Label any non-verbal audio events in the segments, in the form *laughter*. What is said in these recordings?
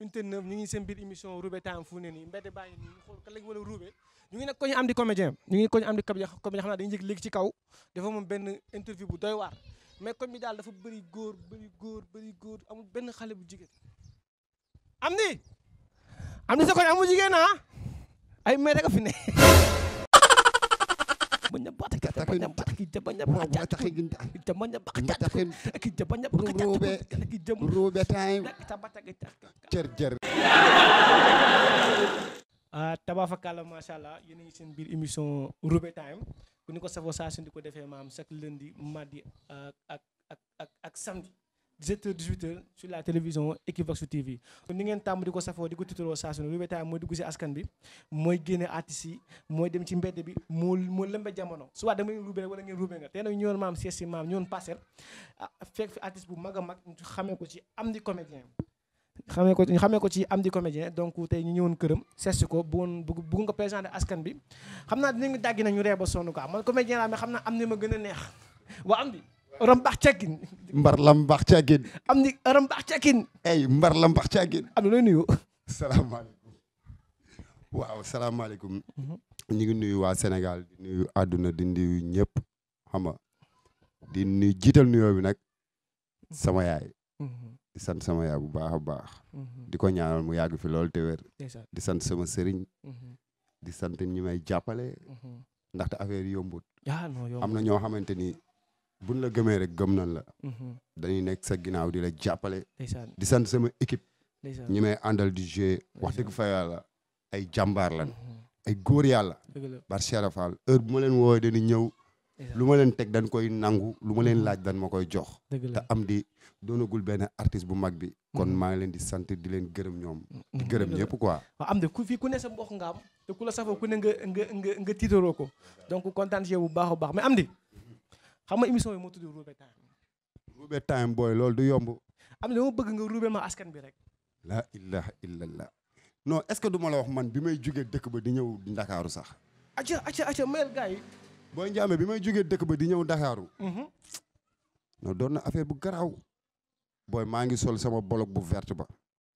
unité 9 ñu ngi seen biir émission Roube Time fu ne nii mbedd baa ngi ni xool kan lañ wala Roube ñu ngi nag ko ñu am di comédien ñu ngi ko ñu am di comédien xam naa dañuy yëg léegi ci kaw dafa moom benn interview bu doy waar mais comme daal dafa bëri góor bëri góor bëri góor am benn xale bu jigéen am ni am ni sa koñ amul jigéen ah ay mère rek a fi *laughs* Banyak katakan kita banyak baca kita banyak baca kita banyak baca rube rube time kita baca kita jer jer ah, tabafakala macha allah yéen a ngi seen biir émission Roube Time bu ñu ko safoo saa di ko defee maam chaque lundi mardi ah, ak ak 17 heures 18 heures sur la télévision Equivox TV ni ngeen tàmm di ko safoo di ko tiitaroo saa su ne Webe Time mooy dugg si askan bi mooy génne artistes yi mooy dem ci mbedd bi moo moo jamono soit dama ngeen ruube wala ngeen ruube nga te nag ñoon maam sees si maam ñoon passer ah, fekk fi artiste bu mag a mag ñu xamee ko ci am di comédien xamee ko ñu xamee ko ci am di comédien donc tey ñu ñëwoon këram sees ko bëggoon bëgg nga présenté askan bi xam naa dinañu dàggi ñu ree ba sonn quoi man comédien xam naa am ni a neex waa am di ram baax càggin mbar lam baax càggin am na looy nuyu salaamaaleykum waaw salaamaaleykum ñu ngi nuyu waa Sénégal di nuyu àdduna di nuyu ñëpp xam di nuyu jiital nuyoo bi nag sama yaay di sant sama yaay bu baax a baax di ko ñaanal mu yàgg fi loolu te di sant sama sëriñ di sant ñi may jàppale mhm. ndaxte affaire yombut am na ñoo xamante ni buñ la gëmee rek gëm nañ la. Mm-hmm. dañuy nekk sa ginnaaw di la jàppale. di sant sama équipe. ñi may àndal di jouer wax dëgg fa yàlla ay jàmbaar lan mm-hmm. ay góor yàlla. bar Cheikh Fall heure bu ma leen de ni ñëw. lu ma leen teg dañ koy nangu lu ma leen mm-hmm. laaj dañ ma koy jox. ta am di doonagul benn artiste bu mag bi. kon maa ngi leen di sant di leen gërëm ñoom. gërëm ñëpp quoi. waaw am de ku fi ku ne sa mbokk nga am te ku la safoo ku ne nga nga nga nga ko donc kontaan yow bu baax a baax mais am di. xam nga émission bi moo tudd Roube Time. booy loolu du yomb. am na ma bëgg nga roube ma askan bi rek. la ilaha illallah non est ce que du ma la wax man bi may jugee dëkk ba di ñëw ndakaaru sax. acca acca acca bi may jugee dëkk ba di ñëw ndakaaru mhm. non doon na affaire bu garaaw. booy maa ngi sol sama bolog bu vert ba.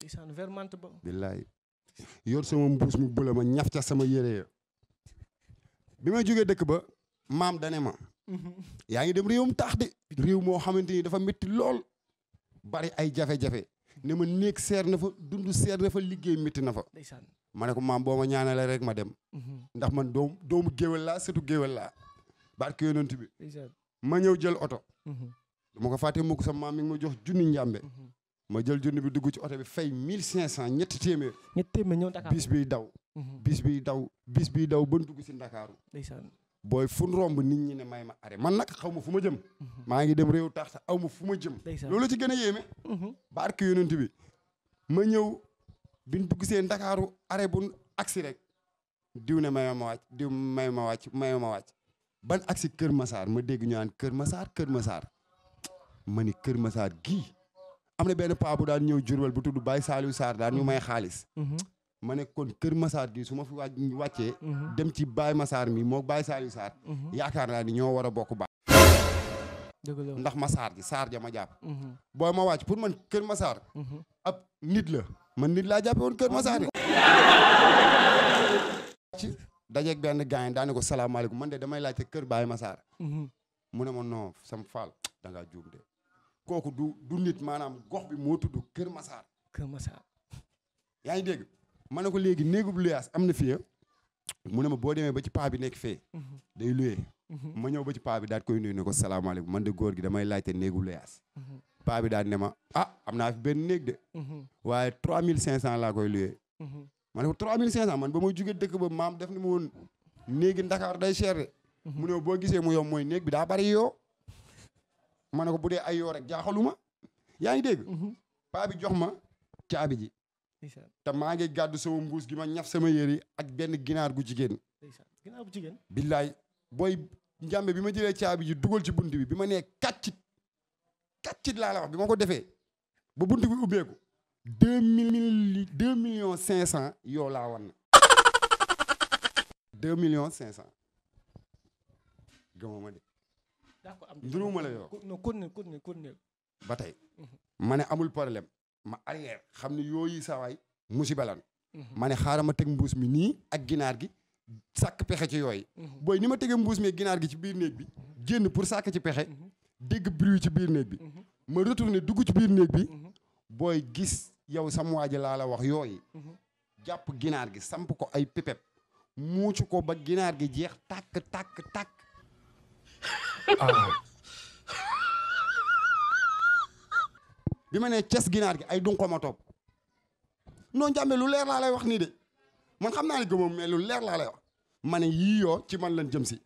isaan vermante ba. billaay yor sama mbuus mu bula ma ñaf sama yére ya bi may jugee dëkk ba maam dane ma. *laughs* yaa ngi dem réewum taax de réew moo xamante ni dafa métti lool bari ay jafe-jafe ne ma néeg seer na fa dund seer na fa liggéey métti na fa ma ne ko maam boo ma ñaanale rek ma dem mhm. ndax man doom doomu géwél laa setu géwél laa barke yonent bi ma ñëw jël oto mhm. dama ko fàtte mukk sa maam mi ngi ma jox junni njàmbe mhm. ma jël junni bi dugg ci oto bi fay mille cinq cent ñetti téeméer ñetti téeméer ñëw Dakar daw bis daw bis biy daw ba dugg si Ndakaaru booy fu romb nit ñi ne may ma are man nag xaw ma fu ma jëm. maa ngi dem réew taax sax aw ma fu ma jëm. loolu ci gën a yéeme. Mhm. barke yonent bi ma ñëw biñ dugg seen Ndakaaru arrêt bu aksi rek diw ne may ma wàcc diw may ma wàcc may ma wàcc ban agsi Kër Massar ma dégg ñu naan Kër Massar Kër Massar ma ni Kër Massar gii am na benn paa bu daan ñëw Jurbel bu tudd Baye Saliou Sarr daan ñu may xaalis. Mhm. ma ne kon Kër Masaar gi su ma fi wàccee. Mhm. dem ci Baye Masaar mii moo Baye Saliou Sarr. Mhm. yaakaar naa ni ñoo war a bokk baay. ndax ma Saar gi Saar ja ma jàpp. Mhm. booy ma wàcc pour man Kër Masaar. ab nit la man nit laa jàppe woon Kër Masaar gi. ci dajeeg benn gars ko salaamaaleykum de damay laajte kër Baye Masaar. mu ne ma non sam kooku du du nit maanaam gox bi moo tudd Kër Masaar. Kër Masaar yaa ngi dégg. ma ne ko léegi néegub luyaas am na fii mu ne ma boo demee ba ci paa bi nekk fee. day luyee. Mhm. ma ñëw ba ci paa bi daal koy nuyu ne ko salaamaaleykum man de góor gi damay laajte néegub luyaas. Mhm. paa bi daal ne ma ah am naa benn néeg de. Mhm. waaye 3500 laa koy luyee. ma ne ko 3500 man ba ma jugee dëkk ba maam def ni ma woon néegi Ndakaar day cher de. mu ne boo gisee mu yom mooy néeg bi daa bari yoo. ma ne ko bu dee ay yoo rek jaaxaluma yaa ngi dégg. paa bi jox ma caabi ji. te maa ngi gàddu sama mbuus gi ma ñaf sama yére ak benn ginaar gu jigéen. ginaar gu jigéen. billaay booy njàmbe bi ma jëlee caabi ji dugal ci bunt bi bi ma nee kàccit kàccit laa la wax bi ma ko defee ba bunt bi ubbeeku deux mille deux millions cinq cent yoo laa wan na deux millions cinq cent gëmoo ma de. la yoo. ba tey mhm. ma ne amul problème. ma arrière xam ne yooyu sawaay musiba lan mhm. ma ne xaaral ma teg mbuus mi nii ak ginaar gi sàkk pexe ci yooyu mhm. booy ni ma tegee mbuus mi ginaar gi ci biir néeg bi génn pour sàkk ci pexe mhm. dégg bruit ci biir néeg bi ma retourné dugg ci biir néeg bi booy gis yow sam waa laala wax yooyu jàpp ginaar gi samp ko ay pépép muucu ko ba ginaar gi jeex tàkk tàkk tàkk *laughs* ah. bi ma nee ces ginaar gi ay dunko ma topp non lu leer laa lay wax nii de man xam naa ne gëmoom mais lu leer laa wax ma ne yii yoo ci man lan jëm si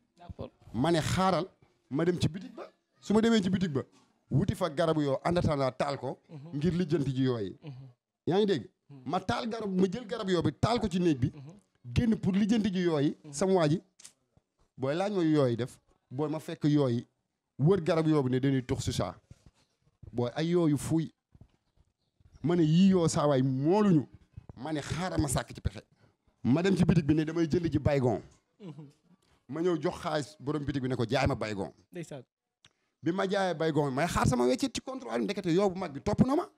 ma ne xaaral ma dem ci bitig ba su ma demee ci bitig ba wuti fa garab yoo en attendant taal ko mhm. ngir lijjanti ji yooyu mhm. yaa ngi dégg mhm. ma taal garab ma jël garab yoo bi taal ko ci néeg bi génn pour lijjanti ji yooyu sama waa ji booy laaj ma yooyu def booy ma fekk yooyu wër garab yoo bi ne dañuy tux si booy ay yooyu fuuy ma ne yii yoo saawaay mooluñu ma ne xaaral ma sàkk ci pexe ma dem ci bitig bi ne damay jënd ji baygon ma ñëw jox xaalis borom bitig bi ne ko jaay ma baygon ndeysaan bi ma jaayee baygon may xaar sama weccet ci contrôle bi ndekete yoo bu mag bi topp na ma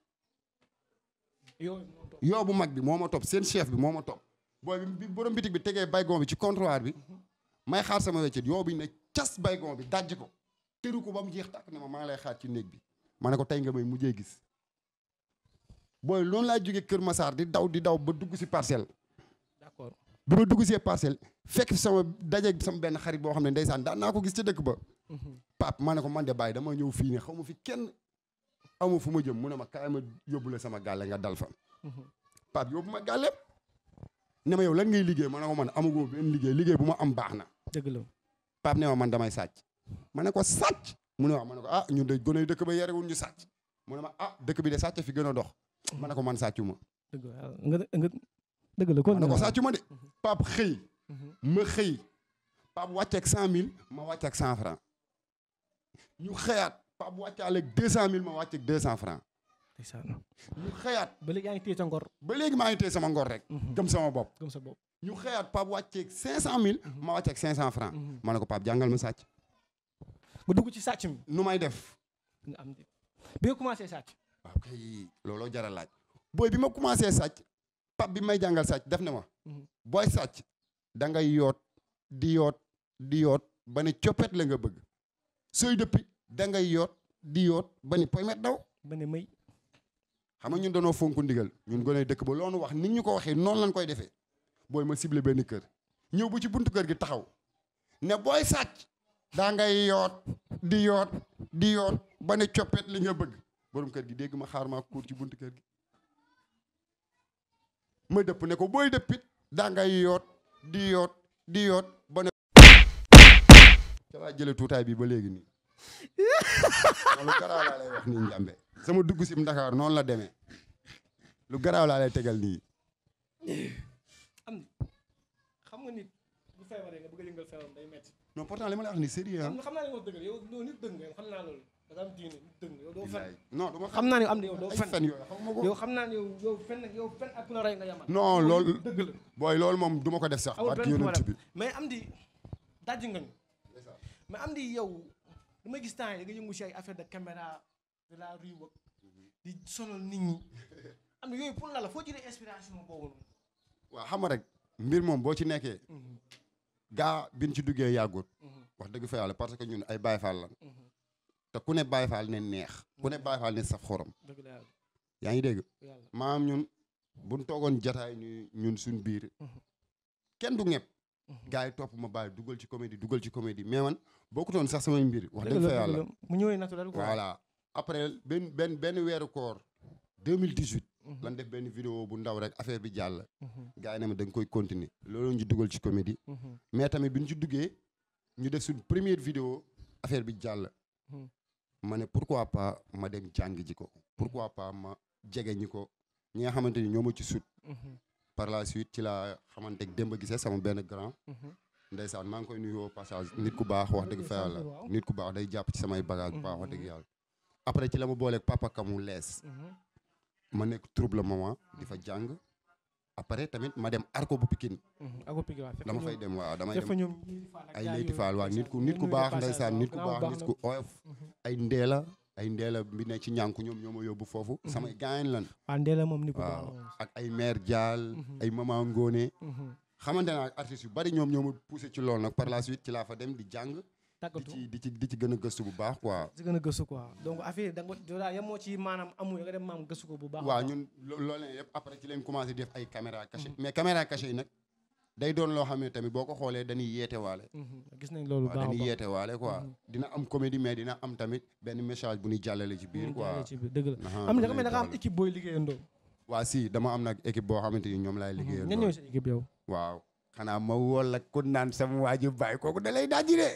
yoo bu mag bi moo ma topp seen chef bi moo ma topp booy borom bitig bi tegee baygon bi ci comptoir bi may xaar sama weccet yoo bi ne cas baygon bi dajj ko tëru ko ba mu jeex tàkk ne ma maa lay xaar ci néeg bi ma ne ko tey nga may jee gis booy loolu laa jóge Kër masaar di daw di daw ba dugg si parcelle. d'accord bi ma dugg see parcelle fekk sama dajeeg sama benn xarit boo xam ne ndeysaan daan naa ko gis ca dëkk ba. Mhm. Pape ma ne ko man de bàyyi dama ñëw fii ne xaw ma fi kenn amu fu ma jëm mun ne ma kaay ma yóbbu la sama gàlle nga dal fa. Mhm. Pape yóbbu ma gàlle. ne yow lan ngay liggéey ma ne ko man amagoo benn liggéey liggéey bu ma am baax na. dëgg la Pape ne man damay sàcc. ma ne ko mu ne waaw ma ne ko ah ñun de gone dëkk ba yarewul ñu sàcc mu ne ma ah dëkk bi de sàcc fi gën a dox uhuh. ma ne ko man sàccu ma dëgg nga nga dëgg la ko sàccu ma de uhuh. pap xëy uhuh. ma xëy pap wàcceeg cent mille ma wàcceeg cent franc ñu xëyaat pap wàccaaleeg deux cent mille ma wàcceeg deux cent franc ñu ba léegi yaa ngi téye sa ngor ba léegi maa ngi téye sama ngor rek gëm sama bopp gëm sa bopp ñu xëyaat pap wàcceeg cinq cent mille ma wàcceeg cinq cent franc ma ne ko pap jàngal ma sàcc ba dugg ci sàcc mi. nu may def. bi nga commencé sàcc. waaw kay looloo jar a laaj. booy bi ma commencé sàcc. pap bi may jàngal sàcc def na ma. Mhm. booy sàcc. da ngay yoot di yoot di yoot ba ne coppet la nga bëgg. sooy dëppi da yoot di yoot ba ne poymet daw. ba ne may. xam nga ñun dañoo fonk ndigal ñun gone dëkk ba loonu wax nit ñi ko waxee noonu lañ koy defee. booy ma sible benn kër. ñëw bu ci buntu kër gi taxaw. ne booy sàcc. daa ngay yoot di yoot di yoot ba ne coppet li nga bëgg borom kër gi dégg ma xaar maa kuur ci buntu kër gi ma dëpp ne ko booy dëppit daa ngay yoot di yoot di yoot ba ne ca laa jële tuutaay bii ba léegi nii *laughs* lu garaaw laa lay wax nii njàmbe sama dugg sim Ndakaar noonu la demee lu garaaw laa lay tegal nii feebaree nga bëgg a yëngal feebaram day metti loolu da nga xam naa ne am na yow doo fen yow xam naa ne yow yow fen moom du ma ko def sax barke yonent bi mais am di dajji nga ñu mais am di yow damay gis temps yi da nga yëngu si ay affaire de caméra de la rue wak di sonal nit ñi am na yooyu pour la foo jëlee inspiration boobu waaw xam nga rek mbir moom boo ci nekkee mhm. gaa bi ñu ci duggee yàggut. Mhm. wax dëgg fa yàlla parce que ñun ay Baye Fall lan mhm. te ku ne Baye ne neex. ku ne Baye Fall ne saf xorom. yaa ngi dégg maam ñun buñ toogoon jataay ñu ñun suñ biir. Mhm. kenn du ñëpp. gars yi topp ma bàyyi dugal ci comédie dugal ci comédie mais man bokkutoon sax samay mbir. wax dëgg fa yàlla mu ñëwee naturel voilà après benn benn benn weeru koor. 2018. Mhm. lan def benn vidéo bu ndaw rek affaire bi jàll. Mhm. gars yi ne ma da nga koy continuer. loolu ñu dugal ci comédie. Mhm. mais tamit bi ñu ci duggee ñu def suñ première vidéo affaire bi jàll. ma ne pourquoi pas ma dem jàng ji ko. pourquoi pas ma jege ñi ñi nga xamante ni ñoo ma ci sut. par la suite ci la xamante ne Demba Guissé sama benn grand. ndeysaan maa ngi koy nuyu au passage nit ku baax wax dëgg fa nit ku baax day jàpp ci samay bagage bu baax wax dëgg yàlla. après ci la ma booleeg papa kamu lees. ma nekk trouble moment di fa jàng apare tamit ma dem arko bu Pikine mhm, dama fay dem waaw damay dem ay layti faal waaw nit ku nit ku baax ndeysaan nit ku baax nit ku oyof mhm. ay ndeela ay ndeela bi ne ci ñànku ñoom ñoo ma yóbbu foofu mhm. samay gaañ lan waaw ndeela moom nit ku baax ak ay mère Dial ay mama Ngone xamante naa artistes yu bari ñoom ñoo ma ci lool nag par la suite ci laa fa dem di jàng tàggatu di ci di a gëstu bu baax quoi. di gën a gëstu quoi donc affaire da dem maam gëstu ko bu baax. waaw ñun loolu la yëpp après mm-hmm. mm-hmm. gis nañ loolu baax dañuy mm-hmm. dina am comédie mais dina am tamit benn message bu ñuy jàllale ci biir quoi. dëgg la am na da booy liggéeyandoo. waa si dama am nag équipe boo xamante ñoom laay liggéeyandoo. waaw xanaa ma woo la ku naan sama waa bàyyi kooku da lay daaj de.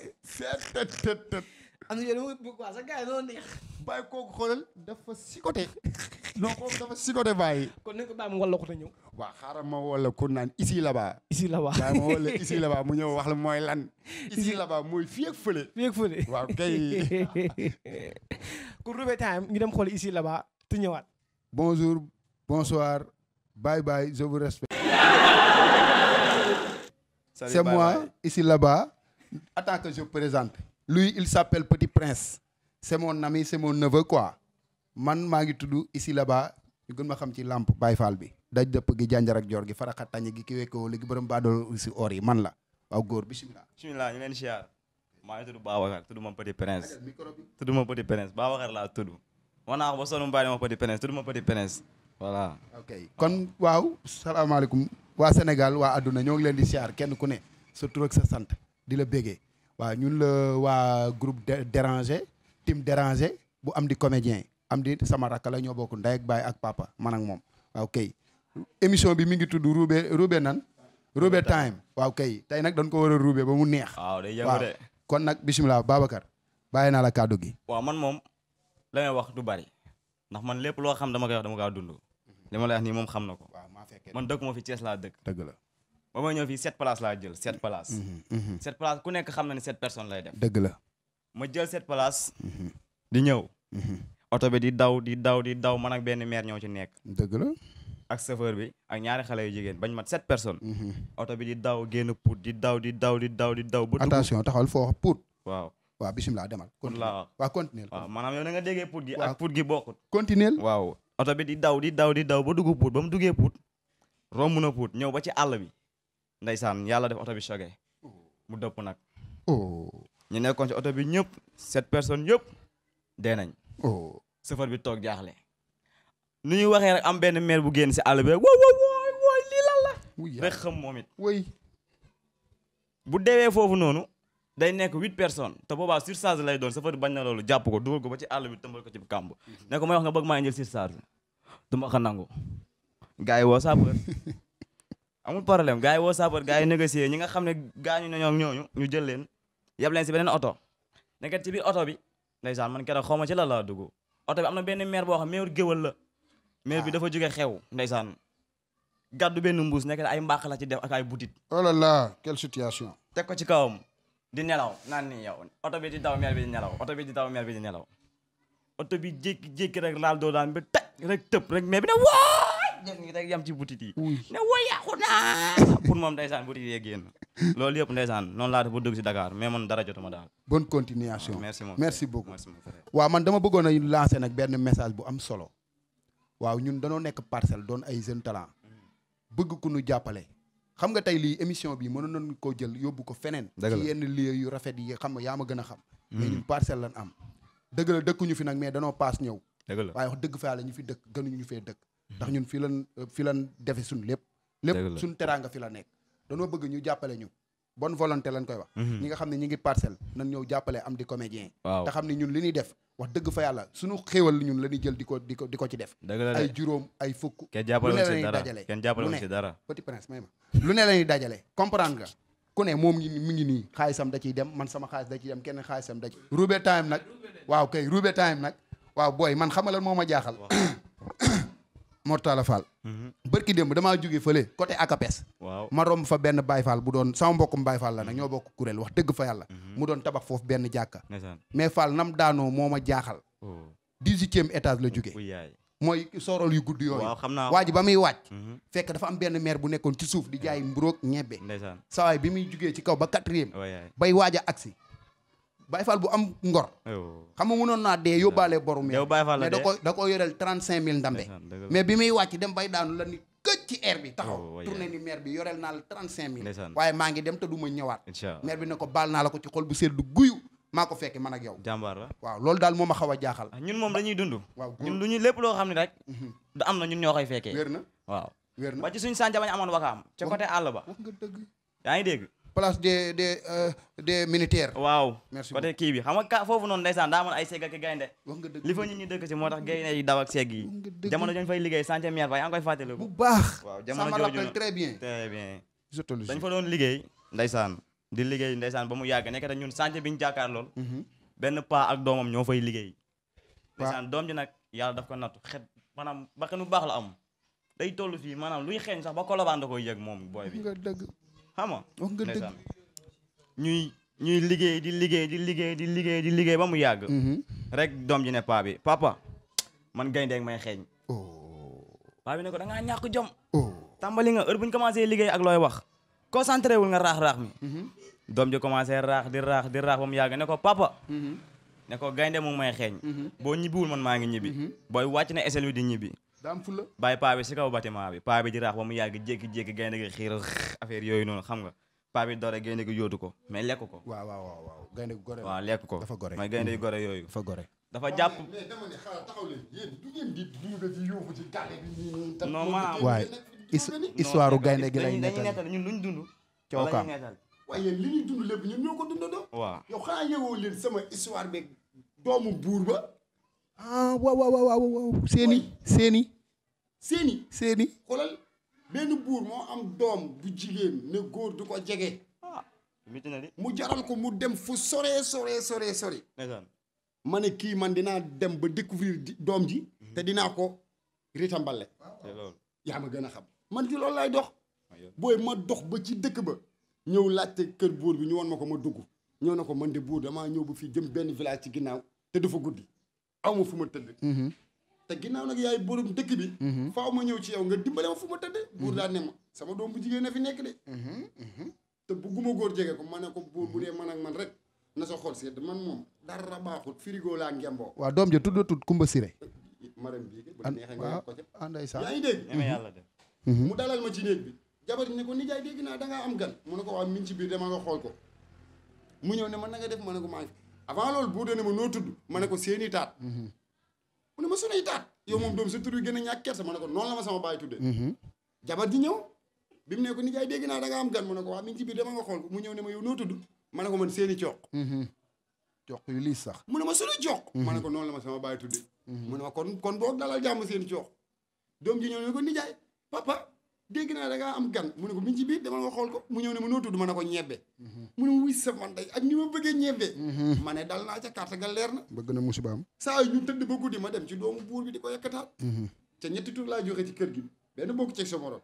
tët tët tët. am na yéen a ngi bëgg waa sa gars yi noonu neex. bàyyi kooku xoolal dafa sikote. sikote bàyyi. kon nañ ko bàyyi mu wàllu ko te ñëw. waaw xaaral ma woo la ku naan ici là-bas. ici mu ñëw wax la mooy lan. ici là-bas mooy fii ak fële. fii ak fële waaw kay. *laughs* kon Roobé time ñu dem xool ici là ti te ñëwaat. bonjour bonsoir bye bye je vous c'est moi ici là-bas attends que je présente lui il s'appelle Petit Prince c'est mon ami c'est mon neveu quoi man maa ngi tudd ici là-bas gën ma xam ci làmp Baye Fall bi daj dëpp gi jànjar ak joor gi faraxa tàññi gi ki wekkoo léegi borom baadoolo si or yi man la waaw góor bismillah bismillah ñu leen siyaar maa ngi tudd Babacar tudd ma Petit Prince tudd ma Petit Prince Babacar laa tudd wax naa ko ba sonu mbayi ma Petit Prince tudd ma Petit Prince voilà ok kon waaw salaamaaleykum waa Sénégal waa àdduna ñoo ngi leen di siyaar kenn ku ne sa ak sa sant di la bégee waaw ñun la waa groupe dérangé team dérangé bu am di comédien am di sama rakk la ñoo bokk ndey ak baay ak papa man moom waaw kay émission bi mi ngi tudd roube roube nan roube time waaw kay tey nag dañ ko war a roube ba mu neex waaw kon nag bisimilah Babacar bàyyi naa la kàddu gi waaw man moom lay may wax du bari ndax man lépp loo xam dama koy wax dama kaa dund li lay wax nii moom xam na ko fekkee man dëkk moo fi Thiès laa dëkk dëgg la ba ma ñëw fii sept places laa jël sept places mm-hmm, mm-hmm. sept places ku nekk xam na ne sept personnes lay def dëgg la ma jël sept places mm-hmm. di ñëw oto bi di daw di daw di daw man ak benn maire ñoo ci nekk dëgg la ak chauffeur bi ak ñaari xale yu jigéen bañ mat sept personnes oto bi di daw génn Pout di daw di daw di daw di daw ba attention taxawal foo wax Pout waaw waaw bisimilah demal Pout laa wax waaw continuer waaw na nga déggee Pout gi ak Pout gi waaw oto bi di daw di daw di daw ba dugg Pout ba mu duggee Pout romb na puut ñëw ba ci àll bi ndeysaan yàlla def oto bi choqué mu dëpp nag. Oh. ñu nekkoon ci oto bi ñëpp sept personnes yëpp dee nañ. sëfar oh. bi toog jaaxle. nu ñuy waxee rek am benn maire bu génn si àll bi rek wooy wooy ah. rek xam moom it. bu deewee foofu noonu. day nekk huit personnes te boobaa surcharge lay doon safari bañ na loolu jàpp ko dugal ko ba ci àll bi tëmbal ko ci kàmb mhm. ne ko may wax nga bëgg maa indil surcharge du ma ko nangu gars yi woo sapeur amul problème gars yi woo sapeur gars yi négocier ñi nga xam ne gaañu nañoo ak ñooñu ñu jël leen yeb leen si beneen oto nekkat ci biir oto bi ndeysaan man keroog xaw ma ci la laa dugg oto bi am na benn maire boo xam maire géwal la maire bi ah. dafa jóge xew ndeysaan gàddu benn mbuus nekk ay mbaax la ci def ak ay butit oh là là situation teg ko ci kawam di nelaw naan ni yow oto bi di daw maire bi di nelaw oto bi di daw bi di nelaw oto bi jékki-jékki rek laal doo bi taj rek tëb rek maire bi ne jëf yam ci boutique yi ne woo yàqu naa pour loolu yëpp ndeysaan noonu laa def ba dugg mais man dara daal bonne continuation ah, merci mon merci beaucoup waaw man dama bëggoon a lancer nag benn message bu am solo waaw ñun danoo nekk parcelle doon ay jeune talent bëgg ku nu jàppale xam nga tey lii émission bi mënoon nañu koo jël yóbbu ko feneen ci yenn lieu yu rafet yi xam nga yaa ma gën a xam mm. mais ñun parcelle lan am dëgg la ñu fi nag mais danoo paas ñëw dëgg la waaye dëgg fa la ñu fi dëkk gënuñu ñu fee dëkk ndax ñun fi lan fi lan defe suñ lépp lépp suñ teraanga fi la nekk dañoo bëgg ñu jàppale ñu bonne volonté lañ koy wax mhm. ñi nga xam ne ñi ngi parcelle nan ñëw jàppale am di comédien te xam ne ñun li ñuy def wax dëgg fa yàlla suñu xéewal ñun la ñuy jël di di ko di ko ci def ay juróom ay fukk kenn jàppale si dara kenn jàppale si dara petit prince may ma lu ne la ñuy dajale comprendre nga ku moom mi ngi nii xaalisam da ciy dem man sama xaalis da ciy dem kenn xaalisam da ci roube time nag waaw kay roube time nag waaw booy man xam nga lan moo ma jaaxal Mortala Fall. Mhm. bërki démb damaa jóge fële côté Akapes. waaw ma romb fa benn baay Fall bu doon sama mbokkum Baye Fall la na ñoo bokk kuréel wax dëgg fa yàlla. Mhm. mu doon tabax foofu benn jàkka. mais Fall nam daanoo moo ma jaaxal. Oh. dix-huitième étage la jóge mooy sorol yu guddi yooyu. waaw xam naa waa ba muy wàcc. Mhm. fekk dafa am benn maire bu nekkoon ci suuf di jaay mburoog ñebbe. ndeysaan sawaay bi muy jugee ci kaw ba quatrième. bay waaja aksi Baye Fall bu am ngor. xam nga mënoon naa dee yóbbaale borum yow Baye Fall la dee mais da ko da ko yoreel trente cinq mille ndambe. mais bi muy wàcc dem bay daanu la nit këj ci air bi taxaw tourné ni maire bi yoreel naa la trente cinq mille. waaye maa ngi dem te du ma ñëwaat. maire bi ne ko baal naa la ko ci xol bu seddu guyu. maa ko fekke man ak yow. la waaw loolu daal moo a xaw a jaaxal. Ah, ñun moom dañuy dund. waaw ñun lu ñu lépp loo xam ne rek. Mhm. da am na ñun ñoo koy fekkee. wér na waaw wér na ba ci suñu sànja ba ñu amoon ngi dégg place des des euh, des militaires. waaw merci beaucoup côté kii bi xam ka foofu noonu ndeysaan daa amoon ay segg ak gaynde li fa ñun ñu dëkk si moo tax gaynde yi daw ak segg yi jamono jooju fay liggéey centième mère fay yaa ngi koy fàttali bu baax waaw jamono jooju très bien très ba mu yàgg nekk te ñun chantier bi ñu jàkkaar lool mhm. benn paa ak doomam ñoo fay liggéey ndeysaan doom ji nag yàlla daf ko nattu xet maanaam bakkan bu baax la am day toll fii maanaam luy xeeñ sax ba kolobaan da koy yëg moom booy bi nga xam nga wax nga dëgg ñuy ñuy liggéey di liggéey di liggéey di liggéey di liggéey ba mu yàgg mm-hmm. rek doom ji ne paa bi papa man gaynde ak may xeeñ oh. paa bi ne ko da ngaa jom oh. tàmbali nga heure bu ñu commencé liggéey ak looy wax concentré wul nga raax-raax mi mm-hmm. doom ji commencé raax di raax di raax ba mu yàgg ne ko papa mm-hmm. ne ko gaynde mu may xeeñ boo ñibbiwul man maa ngi ñibbi booy wàcc na esel wi di ñibbi daam fula bàyyi paa bi si kaw bâtiment bi paa bi di raax ba mu yàgg jékki-jékki gaynde gi xiir affaire yooyu noonu xam nga paa bi dore gaynde gi yóotu ko mais lekk ko waaw waaw waaw gaynde gi gore lekk ko dafa gore mais gaynde gi yooyu dafa gore dafa jàpp mais histoire gaynde gi lay nettali dañuy nettali ñun luñ dund cookaam waaye li ñuy dund lépp ñoo ko dundandoo doomu buur ba ah waaw waaw seeni seeni seeni seeni benn buur moo am doom bu jigéen ne góor du ko jege ah. mu jaral ko mu dem fu sore sore sore sore ma ne kii man dinaa dem ba découvrir doom ji mhm. te dinaa ko ritambale yaa ma gën a xam man ci loolu lay dox booy ma dox ba ci dëkk ba ñëw laajte kër buur bi ñu woon ma ko ma dugg ñëw na ko man di buur damaa ñëw bu fii jëm benn village ci ginnaaw te du fa guddi aw ma fu ma tëdd mhm. te ginnaaw nag yaay borom dëkk bi mhm. faaw ma ñëw ci yow nga dimbale ma fu ma tëdd buur mhm. daa ne ma sama doom bu jigéen a fi nekk de te bugguma góor jege ko ma ne ko buur bu dee man ak man rek na sa xol sedd man moom dara baaxul frigo laa ngemboo waaw doom ja tudd Kumba Siré maram bii bu neexee nga ko ca ah, yaa ngi dégg mu dalal ma ci néeg bi jabar ne ko nijaay dégg naa dangaa am gan mu ne ko waaw min ci biir dama nga xool ko mu ñëw ne ma na nga def ma ne ko fi avant loolu buur dana ma noo tudd ma ne ko seeni taat mhm. mu ne ma sunuy taat yow moom doom sa tur wi gën a ñàkk ne ko noonu la ma sama baay tuddee mhm. jabar ji ñëw bi mu ne ko nijaay dégg nga am gan mu ne ko waa mi ngi ci biir dama nga xool ko mu ñëw ne ma ko man mhm. sax mu ne ma sunu coq ma ne ko noonu la ma sama baay tuddee mu ne jàmm seeni coq doom ji ñëw ne ko nijaay papa dégg naa da ngaa am gan mu ne ko mi ngi ci dama nga ko mu ñëw ne ma noo tudd ma ne ko ñebbe mu ne wuy sama ndey ak ni ma bëggee ñebee mhm. ma ne dal naa ca carte ga leer na bëgg na musibaam saa yu ñu tëdd ba guddi ma dem ci doomu buur bi di ko yekkataat te mhm. ñetti tur laa joxe ci kër gi benn bokk ci sa morom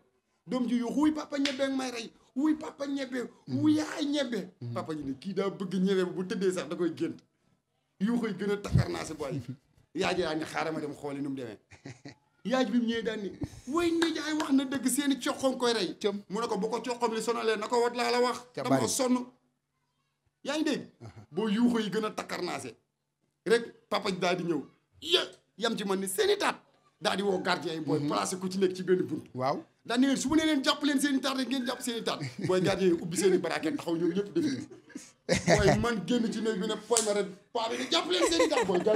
doom ji yu wuy papa ñebee may rey wuy papa ñebee mhm. wuy yaay ñebee papa ñu ne kii daa bëgg ñebee bu tëddee sax da koy gént yu koy gën a takkar naa si boy *laughs* yaay ji yaa ngi xaaral ma dem xooli nu mu demee yaay bi ñëwee daan ni way nijaay wax na dëgg seeni coqoom koy rey mu ne ko bu ko coqoom li sonalee na ko wat laa la wax dama sonn yaa ngi dégg. boo yuuxu yi gën a takkarnaase rek papa ji daal di ñëw yë yam ci man ni seeni i taat daal di woo gardien yi booy mhm. placé ku ci nekk ci benn bunt waaw daa ne su ma ne jàpp leen seen i taat rek ngeen jàpp seen i booy gardien yi i baraaket taxaw ñoom ñëpp def man génn ci néeg bi ne poy ma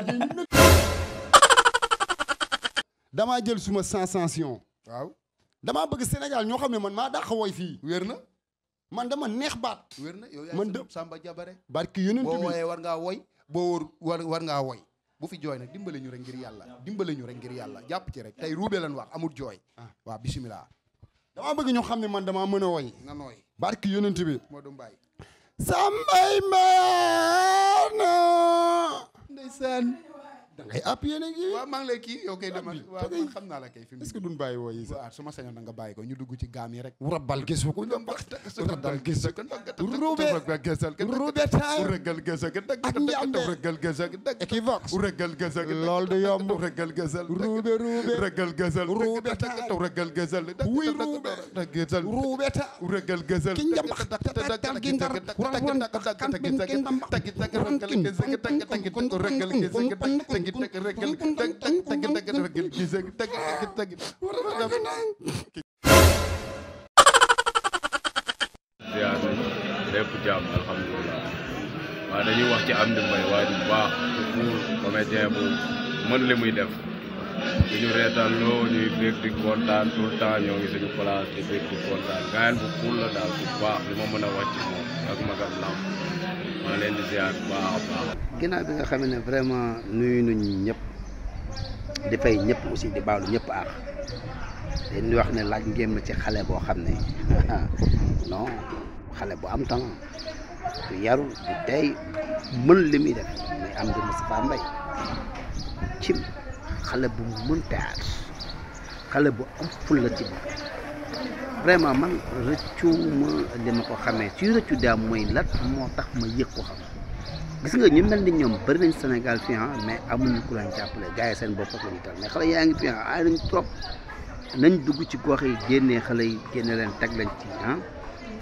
damaa jël suma sensation waaw damaa bëgg Sénégal ñoo xam ne man maa dàq woy fii wér na man dama neex baat. wér na yow man de Samba Jabare. barki yonent bi boo wooyee war ngaa woy boo wóor war war ngaa woy bu fi jooy na dimbale ñu rek ngir yàlla dimbale ñu rek ngir yàlla jàpp ci rek tey ruube lan wax amul jooy. Ah. waaw bisimilah. damaa bëgg ñu xam ne man damaa mën a woy. nga nooy barki yonent bi. moo du mbaay. Sambay Mbaye. da ngay appuyé na ngi waaw maa ngi lay kii yow kay dama waaw xam naa la kay fi mu est-ce que duñ bàyyi woo yi sax su ma sañoon na nga bàyyi ko ñu dugg ci gaam yi rek rabbal gis ko ñoom bax rabbal gis ko rubé rubé taay regal gësa ga dag ak ñambe regal gësa ga dag Equivox regal gësa ga lool du yomb regal gësal rubé rubé regal gësal rubé taay regal gësal wuy rubé dag gësal rubé taay regal gësal ki ñam bax dag dag gi ngar wan wan dag dag dag dag dag dag dag dag dag dag dag dag dag dag dag tegi teg regal teg teg tegi teg regal gis teg tegi tegi ziar nañ lépp jàmm alhamdulilah waaye dañuy wax ci am di mbay waaye bu baax pour comédien bu mën li muy def suñu reetaan loo ñuy bég di kontaan tout le temps ñoo ngi suñu place di bég di kontaan gaayan bu pour la daal bu baax li ma mën a wax ci moom ak magam lam maa ginnaaw bi nga xam ne vraiment nuyu nuñ ñëpp di fay ñëpp aussi di baalu ñëpp aax dañuy wax ne laaj ngeen ci xale boo xam ne *laughs* non xale bu am temps du yaru du tey mën li muy def muy am di Moustapha Mbaye ci xale bu mën théâtre xale bu am fulla ci boppam vraiment man rëccuwuma li ma ko xamee ci rëccu daam mooy lan moo tax ma yëg ko xam gis nga ñu mel ni ñoom bëri nañ Sénégal fii ah, mais amuñu ku leen jàppale gars yi seen bopp ak lañu tal mais xale yaa ngi fii ah, ay nañ trop nañ dugg ci gox yi génne xale yi génne leen teg lañ ci ah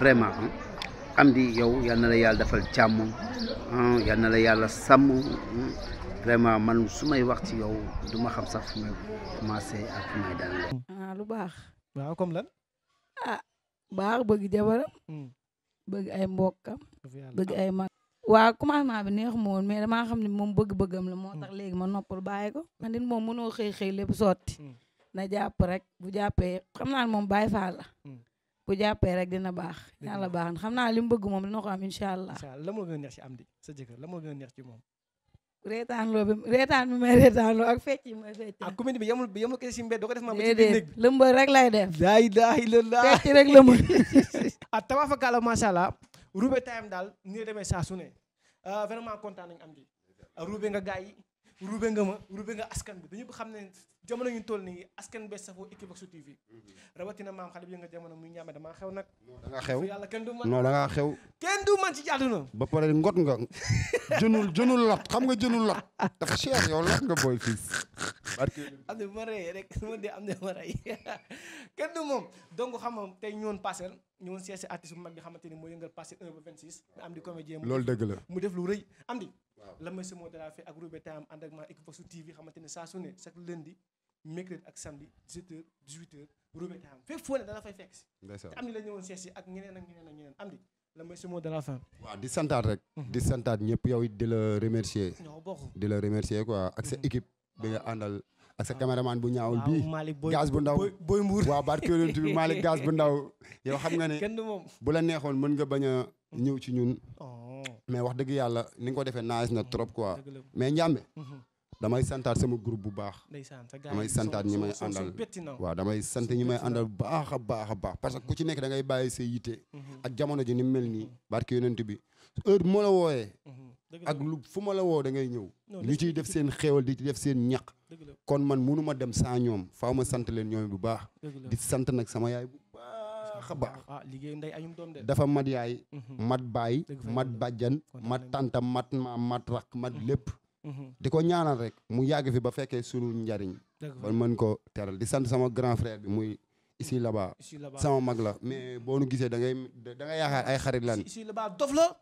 vraiment ah. am di yow yal na la yàlla defal jàmm yal na la yàlla sàmm vraiment man su may wax ci yow du ma xam sax fu may commencé ak fu may lu baax. ah baax bëgg jabaram hmm. bëgg ay mbok mbokkam bëgg ay mag waaw commencement bi neex ma woon mais damaa xam ne moom bëgg-bëggam la moo tax hmm. léegi ma noppal bàyyi ko man nit moom mënoo xëy-xëy lépp sotti hmm. na jàpp rek bu jàppee xam naa ne moom bàyyi faa la bu jàppee rek dina baax yàlla baax na xam naa li mu bëgg moom dina ko am incha allah la moo gën a neex ci am di la moo gën a neex ci moom reetaanloo bi reetaan bi may reetaanloo ak fecc yi may fecc. ah comédie bi yamul yamul kese si mbedd doo ko def maa ba ci biir néeg bi lëmbal rek lay def. laa ilaaha illallaah fecc rek lëmbal. *laughs* ah tabaarakalla macha allah. Roobé time daal ni demee saa su ne ah, vraiment kontaan nañu am di ah, Roobé nga gars yi Roobé nga ma Roobé nga askan bi dañu xam ne jamono ñu toll nii askan bee safoo Equivox TV rawatina maam xale bi nga jamono muy ñaame damaa xew nag. non da yàlla kenn du man non da ngaa ba pare ngot nga jënul jënul lot xam nga jënul lot ndax cher yow lot nga booy fii. am na ma rey rek ma dee moom donc loolu dëgg la mu def lu rëy am di. waaw la may semoo dara fi ak Roubé Tam ànd ak maa Equivox TV xamante ne saa su ne chaque mercredi ak samedi 17h 18h te am na la ñëwoon sees si ak ñeneen ñeneen am di de la fin. waaw di santaat rek. Mhm. di santaat ñëpp yow it di la remercier. ñoo bokk di la remercier quoi ak sa mhm. équipe. bi nga àndal ak sa caméraman bu ñaawul bii. gaz bu ndaw boy mbuur waaw barke yonent bi Malick gaz bu ndaw. *laughs* yow xam nga ne kenn moom bu la neexoon mën nga bañ a mhm. ñëw ci ñun. Oh. mais wax dëgg yàlla ni ko defee naaj na trop quoi mais njàmbe. damay santaat sama group bu baax. damay santaat ñi may àndal waaw damay sant ñi may àndal baax a baax a baax parce que ku ci nekk da ngay bàyyi sa yitte. Mhm. ak jamono ji ni mu mel nii. barke yonent bi heure bu ma mhm. ak lu fu ma la woo da ngay ñëw. ñu ciy def seen xéewal di ci def seen ñaq. kon man munu ma dem sans ñoom faaw ma sant leen ñoom bu baax. di sant nag sama yaay bu baax a baax. Ah, dafa mat yaay. Mhm. mat baay mat bàjjan mat tanta mat maam mat rakk mat lépp. di ko ñaanal rek mu yàgg fi ba fekkee sunu njariñ ba mën ko teral di sant sama grand frère bi muy ici là-bas sama mag la mais boo nu gisee da ngay da yaakaar ay xarit lan ici la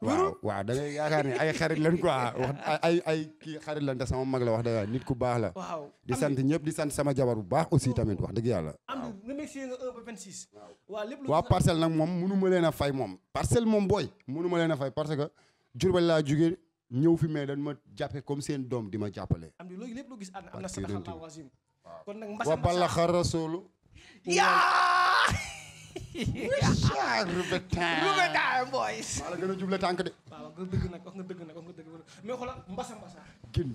waaw waaw da ngay yaakaar ni ay xarit lan quoi wax ay ay kii xarit lan te sama mag la wax dëgg nit ku baax la waaw di sant ñëpp di sant sama jabar bu baax aussi tamit wax dëgg yàlla am remercier nga 1 ba waa parcelle nag moom mënu ma leen fay moom parcelle moom booy mënu ma fay parce que Diourbel laa jugee ñëw fi mais dañ ma jàppe comme seen doom di ma jàppale. am na loolu lépp lu gis ànd na sadaxallaahu wasim. waaw kon mbasa *laughs* a mbasa mbasa. gin